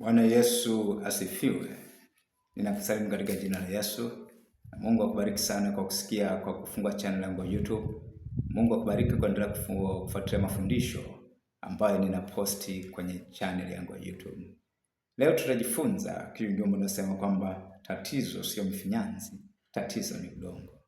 Bwana Yesu asifiwe. Ninakusalimu katika jina la Yesu. Mungu akubariki sana kwa kusikia, kwa kufungua channel yangu ya YouTube. Mungu akubariki kuendelea kufuatilia mafundisho ambayo ninaposti kwenye channel yangu ya YouTube. Leo tutajifunza kiungo nasema kwamba tatizo sio mfinyanzi, tatizo ni udongo.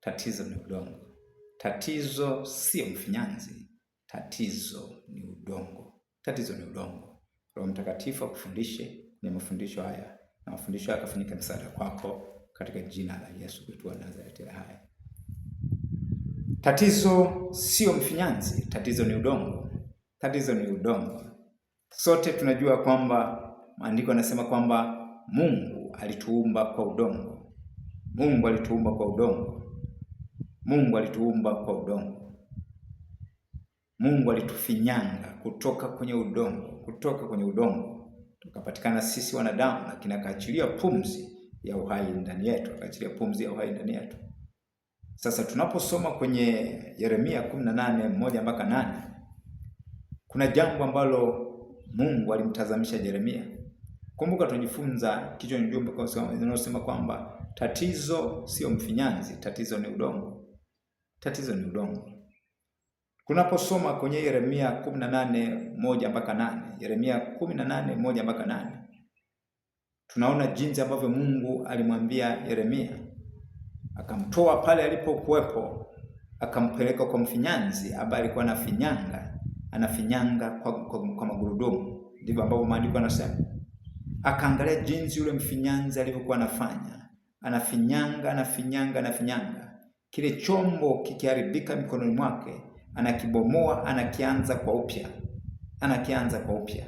Tatizo ni udongo. Tatizo sio mfinyanzi, tatizo ni udongo. Tatizo ni udongo. Roho Mtakatifu akufundishe kwenye mafundisho haya na mafundisho haya akafanyika msaada kwako katika jina la Yesu Kristo wa Nazareti. Haya, tatizo sio mfinyanzi, tatizo ni udongo, tatizo ni udongo. Sote tunajua kwamba maandiko yanasema kwamba Mungu alituumba kwa udongo, Mungu alituumba kwa udongo, Mungu alituumba kwa udongo. Mungu alitufinyanga kutoka kwenye udongo, kutoka kwenye udongo tukapatikana sisi wanadamu, lakini akaachilia pumzi ya uhai ndani yetu, akaachilia pumzi ya uhai ndani yetu. Sasa tunaposoma kwenye Yeremia 18 moja mpaka nane, kuna jambo ambalo Mungu alimtazamisha Yeremia. Kumbuka tunajifunza kichwa jumbe inayosema kwamba tatizo sio mfinyanzi, tatizo ni udongo, tatizo ni udongo. Kunaposoma kwenye Yeremia kumi na moja mpaka nane Yeremia kumi na moja mpaka nane tunaona jinsi ambavyo Mungu alimwambia Yeremia, akamtoa pale alipokuwepo, akampeleka kwa mfinyanzi ambaye alikuwa anafinyanga, anafinyanga kwa, kwa, kwa magurudumu. Ndivyo ambavyo maandiko yanasema. Akaangalia jinsi yule mfinyanzi alivyokuwa anafanya, anafinyanga, anafinyanga, anafinyanga, kile chombo kikiharibika mikononi mwake anakibomoa, anakianza kwa upya, anakianza kwa upya.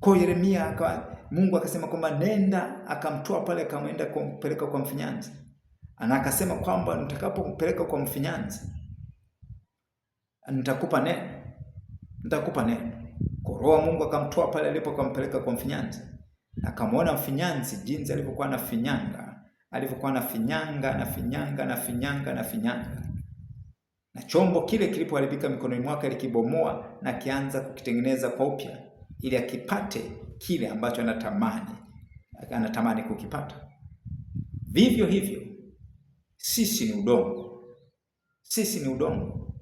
Kwa Yeremia akawa Mungu akasema kwamba nenda, akamtoa pale, akamwenda kumpeleka kwa mfinyanzi, na akasema kwamba nitakapompeleka kwa mfinyanzi nitakupa neno, nitakupa neno. Kwa roho Mungu akamtoa pale alipo, akampeleka kwa mfinyanzi, akamwona mfinyanzi jinsi alivyokuwa na finyanga alivyokuwa na finyanga na finyanga na finyanga na finyanga na chombo kile kilipoharibika mikononi mwake alikibomoa na kianza kukitengeneza kwa upya, ili akipate kile ambacho anatamani anatamani kukipata. Vivyo hivyo sisi ni udongo, sisi ni udongo.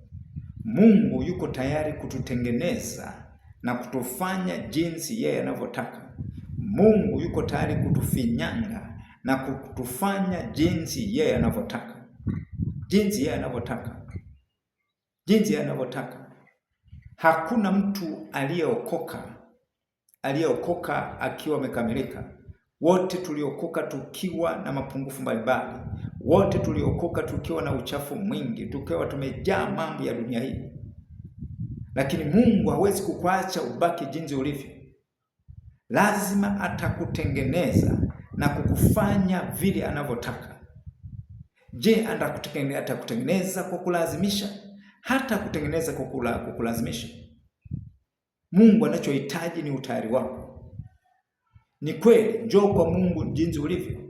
Mungu yuko tayari kututengeneza na kutufanya jinsi yeye anavyotaka. Mungu yuko tayari kutufinyanga na kutufanya jinsi yeye anavyotaka, jinsi yeye anavyotaka jinsi anavyotaka. Hakuna mtu aliyeokoka aliyeokoka akiwa amekamilika. Wote tuliokoka tukiwa na mapungufu mbalimbali, wote tuliokoka tukiwa na uchafu mwingi, tukiwa tumejaa mambo ya dunia hii, lakini Mungu hawezi kukuacha ubaki jinsi ulivyo. Lazima atakutengeneza na kukufanya vile anavyotaka. Je, atakutengeneza kwa kulazimisha? hata kutengeneza kukula kukulazimisha. Mungu anachohitaji ni utayari wako. Ni kweli, njoo kwa Mungu jinsi ulivyo,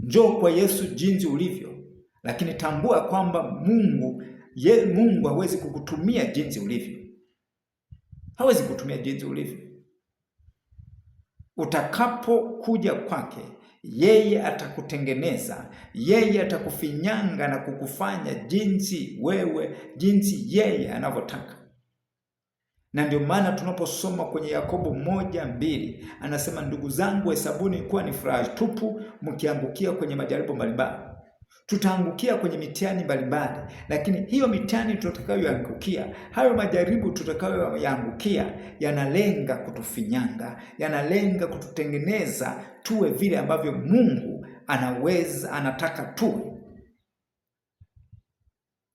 njoo kwa Yesu jinsi ulivyo, lakini tambua kwamba Mungu ye, Mungu hawezi kukutumia jinsi ulivyo, hawezi kutumia jinsi ulivyo. Utakapokuja kwake yeye atakutengeneza, yeye atakufinyanga na kukufanya jinsi wewe, jinsi yeye anavyotaka. Na ndio maana tunaposoma kwenye Yakobo moja mbili anasema, ndugu zangu, hesabuni kuwa ni furaha tupu mkiangukia kwenye majaribu mbalimbali tutaangukia kwenye mitihani mbalimbali, lakini hiyo mitihani tutakayoangukia, hayo majaribu tutakayoyaangukia, yanalenga kutufinyanga, yanalenga kututengeneza tuwe vile ambavyo Mungu anaweza, anataka tuwe,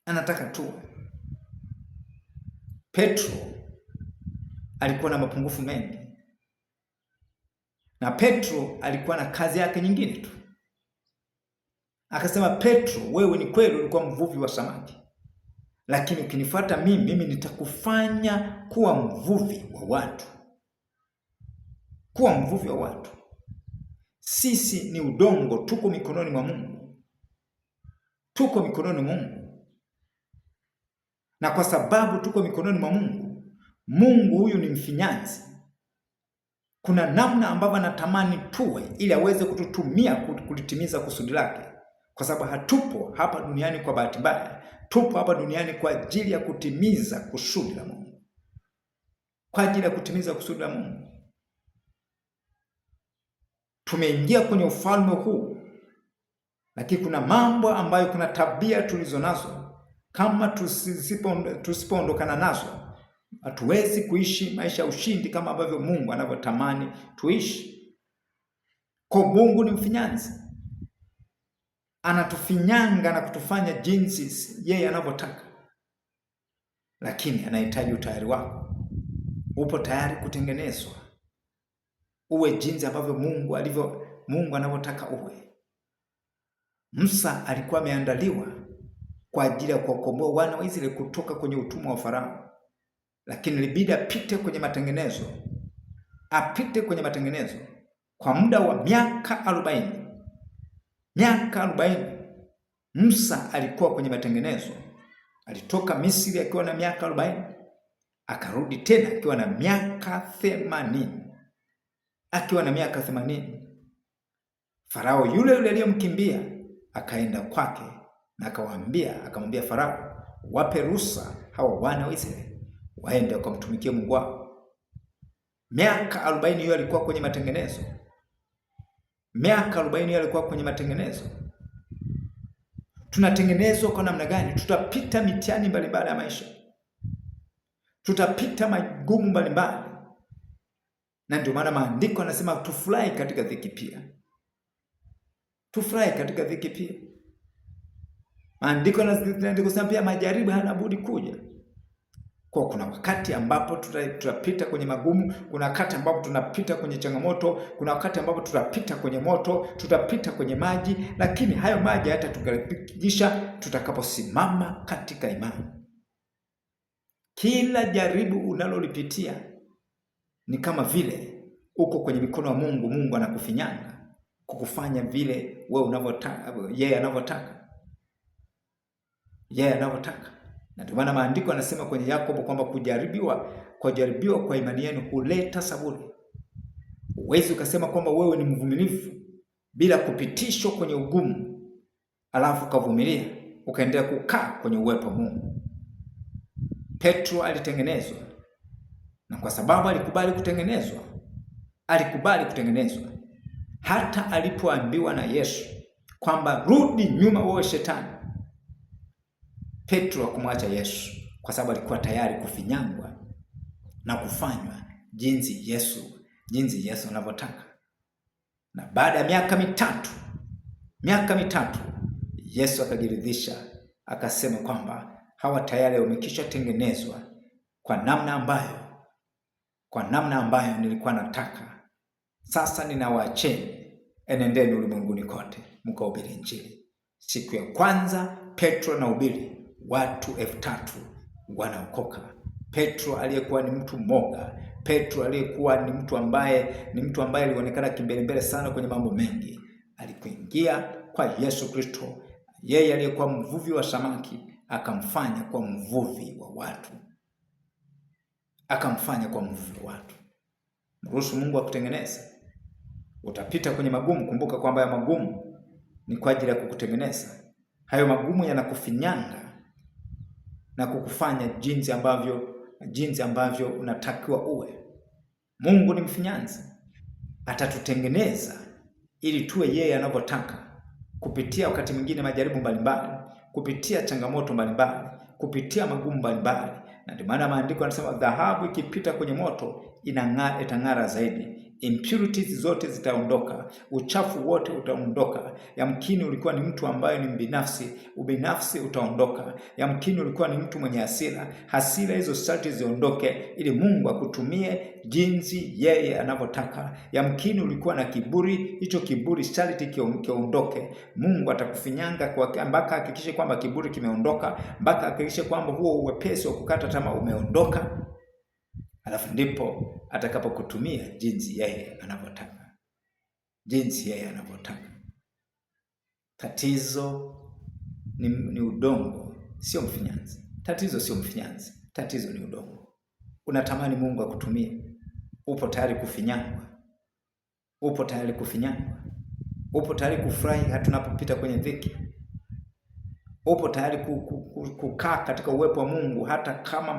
anataka tuwe. Petro alikuwa na mapungufu mengi, na Petro alikuwa na kazi yake nyingine tu Akasema, Petro, wewe ni kweli ulikuwa mvuvi wa samaki, lakini ukinifuata mimi, mimi nitakufanya kuwa mvuvi wa watu. Kuwa mvuvi wa watu. Sisi ni udongo, tuko mikononi mwa Mungu, tuko mikononi mwa Mungu, na kwa sababu tuko mikononi mwa Mungu, Mungu huyu ni mfinyanzi. Kuna namna ambavyo anatamani tuwe, ili aweze kututumia kulitimiza kusudi lake kwa sababu hatupo hapa duniani kwa bahati mbaya, tupo hapa duniani kwa ajili ya kutimiza kusudi la Mungu, kwa ajili ya kutimiza kusudi la Mungu. Tumeingia kwenye ufalme huu, lakini kuna mambo ambayo, kuna tabia tulizo nazo, kama tusipoondokana nazo hatuwezi kuishi maisha ya ushindi kama ambavyo Mungu anavyotamani tuishi. Kwa Mungu ni mfinyanzi anatufinyanga na kutufanya jinsi yeye anavyotaka, lakini anahitaji utayari wako. Upo tayari kutengenezwa uwe jinsi ambavyo Mungu alivyo, Mungu anavyotaka uwe. Musa alikuwa ameandaliwa kwa ajili ya kuwakomboa wana wa Israeli kutoka kwenye utumwa wa Farao, lakini libidi apite kwenye matengenezo, apite kwenye matengenezo kwa muda wa miaka arobaini miaka arobaini. Musa alikuwa kwenye matengenezo, alitoka Misri akiwa na miaka arobaini, akarudi tena akiwa na miaka themanini. Akiwa na miaka themanini, Farao yule yule aliyemkimbia akaenda kwake na akawaambia, akamwambia Farao, wape ruhusa hawa wana wa Israeli waende wakamtumikia Mungu wao. Miaka arobaini hiyo alikuwa kwenye matengenezo miaka arobaini alikuwa kwenye matengenezo. Tunatengenezwa kwa namna gani? Tutapita mitihani mbalimbali ya maisha, tutapita magumu mbalimbali, na ndio maana maandiko anasema tufurahi katika dhiki pia, tufurahi katika dhiki pia. Maandiko yanasema pia majaribu hayana budi kuja. Kwa kuna wakati ambapo tutapita kwenye magumu, kuna wakati ambapo tunapita kwenye changamoto, kuna wakati ambapo tutapita kwenye moto, tutapita kwenye maji, lakini hayo maji hayatatugarikisha tutakaposimama katika imani. Kila jaribu unalolipitia ni kama vile uko kwenye mikono ya Mungu. Mungu anakufinyanga kukufanya vile wewe unavyotaka, yeye anavyotaka, yeye anavyotaka na ndio maana maandiko yanasema kwenye Yakobo kwamba kujaribiwa, kujaribiwa kwa imani yenu huleta saburi. uwezi ukasema kwamba wewe ni mvumilivu bila kupitishwa kwenye ugumu, alafu ukavumilia ukaendelea kukaa kwenye uwepo wa Mungu. Petro alitengenezwa, na kwa sababu alikubali kutengenezwa, alikubali kutengenezwa hata alipoambiwa na Yesu kwamba rudi nyuma, wewe Shetani, Petro hakumwacha Yesu kwa sababu alikuwa tayari kufinyangwa na kufanywa jinsi Yesu jinsi Yesu anavyotaka. Na baada ya miaka mitatu miaka mitatu Yesu akajiridhisha, akasema kwamba hawa tayari wamekisha tengenezwa kwa namna ambayo kwa namna ambayo nilikuwa nataka. Sasa ninawaacheni, enendeni ulimwenguni kote mkahubiri Injili. Siku ya kwanza Petro na ubiri watu elfu tatu wanaokoka. Petro aliyekuwa ni mtu mmoga, Petro aliyekuwa ni mtu ambaye ni mtu ambaye alionekana kimbelembele sana kwenye mambo mengi, alikuingia kwa Yesu Kristo, yeye aliyekuwa mvuvi wa samaki akamfanya kwa mvuvi wa watu, akamfanya kwa mvuvi wa watu. Mruhusu Mungu akutengeneze. Utapita kwenye magumu, kumbuka kwamba ya magumu ni kwa ajili ya kukutengeneza. Hayo magumu yanakufinyanga na kukufanya jinsi ambavyo jinsi ambavyo unatakiwa uwe. Mungu ni mfinyanzi, atatutengeneza ili tuwe yeye anavyotaka, kupitia wakati mwingine majaribu mbalimbali, kupitia changamoto mbalimbali, kupitia magumu mbalimbali, na ndio maana maandiko yanasema dhahabu ikipita kwenye moto inang'aa, itang'ara zaidi impurities zote zitaondoka, uchafu wote utaondoka. Yamkini ulikuwa ni mtu ambaye ni mbinafsi, ubinafsi utaondoka. Yamkini ulikuwa ni mtu mwenye hasira, hasira hizo sharti ziondoke, ili Mungu akutumie jinsi yeye anavyotaka. Yamkini ulikuwa na kiburi, hicho kiburi sharti kiondoke. Mungu atakufinyanga kwa mpaka hakikishe kwamba kiburi kimeondoka, mpaka hakikishe kwamba huo uwepesi wa kukata tamaa umeondoka alafu ndipo atakapokutumia jinsi yeye anavyotaka, jinsi yeye anavyotaka. Tatizo ni, ni udongo, sio mfinyanzi. Tatizo sio mfinyanzi, tatizo ni udongo. Unatamani Mungu akutumie, upo tayari kufinyangwa, upo tayari kufinyangwa, upo tayari kufurahi hata unapopita kwenye dhiki upo tayari kukaa katika uwepo wa Mungu hata kama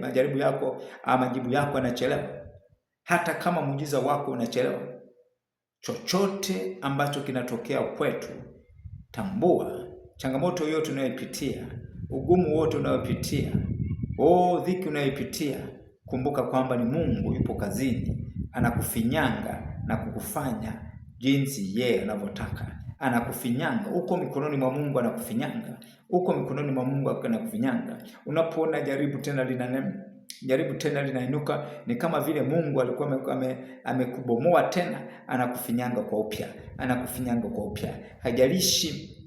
majaribu yako majibu yako yanachelewa, hata kama muujiza wako unachelewa. Chochote ambacho kinatokea kwetu, tambua changamoto yote unayoipitia, ugumu wote unayopitia, oh, dhiki unayoipitia, kumbuka kwamba ni Mungu yupo kazini, anakufinyanga na kukufanya jinsi yeye anavyotaka anakufinyanga uko mikononi mwa Mungu, anakufinyanga uko mikononi mwa Mungu, anakufinyanga. Unapoona jaribu tena lina jaribu tena linainuka, ni kama vile Mungu alikuwa amekubomoa ame tena, anakufinyanga kwa upya, anakufinyanga kwa upya, hajalishi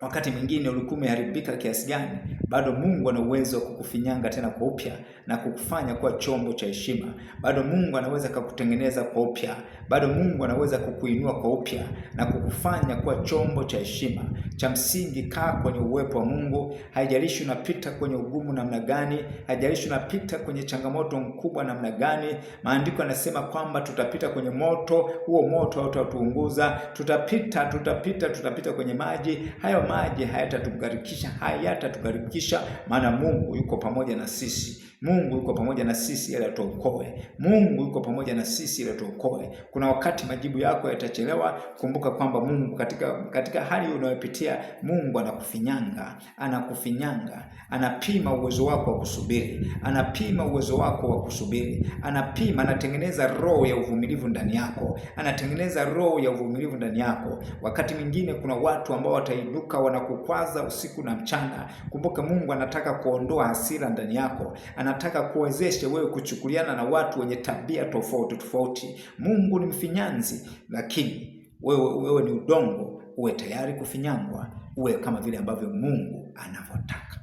wakati mwingine ulikuwa umeharibika kiasi gani, bado Mungu ana uwezo wa kukufinyanga tena kwa upya na kukufanya kuwa chombo cha heshima. Bado Mungu anaweza kukutengeneza kwa upya, bado Mungu anaweza kukuinua kwa upya na kukufanya kuwa chombo cha heshima. Cha msingi, kaa kwenye uwepo wa Mungu. Haijalishi unapita kwenye ugumu namna gani, haijalishi unapita kwenye changamoto mkubwa namna gani. Maandiko yanasema kwamba tutapita kwenye moto, huo moto hautatuunguza. Tutapita, tutapita, tutapita kwenye maji hayo maji hayatatugarikisha, hayatatugarikisha, maana Mungu yuko pamoja na sisi. Mungu yuko pamoja na sisi ili atuokoe. Mungu yuko pamoja na sisi ili atuokoe. Kuna wakati majibu yako yatachelewa. Kumbuka kwamba Mungu katika, katika hali unayopitia Mungu anakufinyanga, anakufinyanga, anapima uwezo wako wa kusubiri, anapima uwezo wako wa kusubiri, anapima, anatengeneza roho ya uvumilivu ndani yako, anatengeneza roho ya uvumilivu ndani yako. Wakati mwingine kuna watu ambao watainuka Kumbuka wanakukwaza usiku na mchana. Kumbuka Mungu anataka kuondoa hasira ndani yako, anataka kuwezeshe wewe kuchukuliana na watu wenye tabia tofauti tofauti. Mungu ni mfinyanzi, lakini wewe, wewe ni udongo, uwe tayari kufinyangwa, uwe kama vile ambavyo Mungu anavyotaka,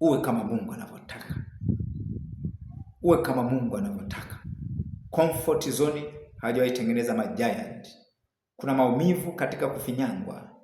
uwe kama Mungu anavyotaka, uwe kama Mungu anavyotaka. Comfort zone hajawahi tengeneza Kuna maumivu katika kufinyangwa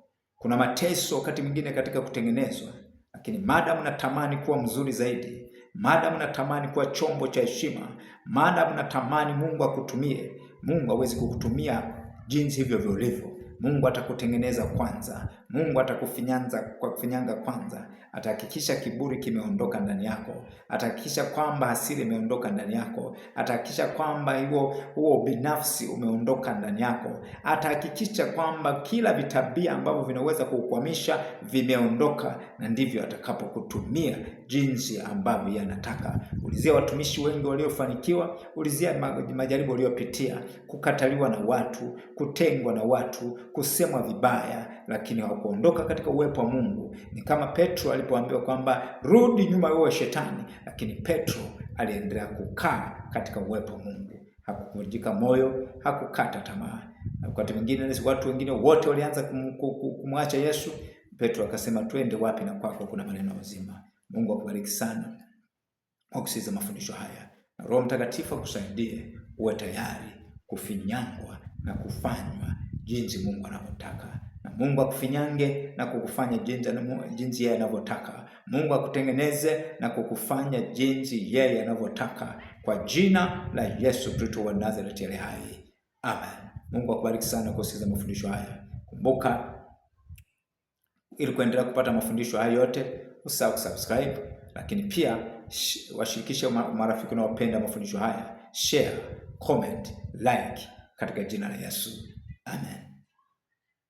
kuna mateso wakati mwingine katika kutengenezwa, lakini maadamu natamani kuwa mzuri zaidi, maadamu natamani kuwa chombo cha heshima, maadamu natamani Mungu akutumie, Mungu hawezi kukutumia jinsi hivyo vilivyo. Mungu atakutengeneza kwanza. Mungu atakufinyanza kwa kufinyanga kwanza, atahakikisha kiburi kimeondoka ndani yako, atahakikisha kwamba hasira imeondoka ndani yako, atahakikisha kwamba huo huo binafsi umeondoka ndani yako, atahakikisha kwamba kila vitabia ambavyo vinaweza kukwamisha vimeondoka, na ndivyo atakapokutumia jinsi ambavyo yanataka. Ulizia watumishi wengi waliofanikiwa, ulizia majaribu waliopitia, kukataliwa na watu, kutengwa na watu, kusemwa vibaya lakini hawakuondoka katika uwepo wa Mungu. Ni kama Petro alipoambiwa kwamba rudi nyuma wewe Shetani, lakini Petro aliendelea kukaa katika uwepo wa Mungu, hakuvunjika moyo, hakukata tamaa. Wakati mwingine watu wengine wote walianza kumwacha Yesu, Petro akasema twende wapi na kwako kuna maneno ya uzima. Mungu akubariki sana kwa kusikiza mafundisho haya, na Roho Mtakatifu akusaidie uwe tayari kufinyangwa na kufanywa jinsi Mungu anavyotaka na Mungu akufinyange na kukufanya jinsi yeye anavyotaka. Mungu akutengeneze na kukufanya jinsi yeye anavyotaka kwa jina la Yesu Kristo wa Nazareti aliye hai. Amen. Mungu akubariki sana kwa kusikiza mafundisho haya. Kumbuka, ili kuendelea kupata mafundisho haya yote, usahau kusubscribe, lakini pia washirikishe marafiki unaopenda mafundisho haya, share, comment, like katika jina la Yesu. Amen.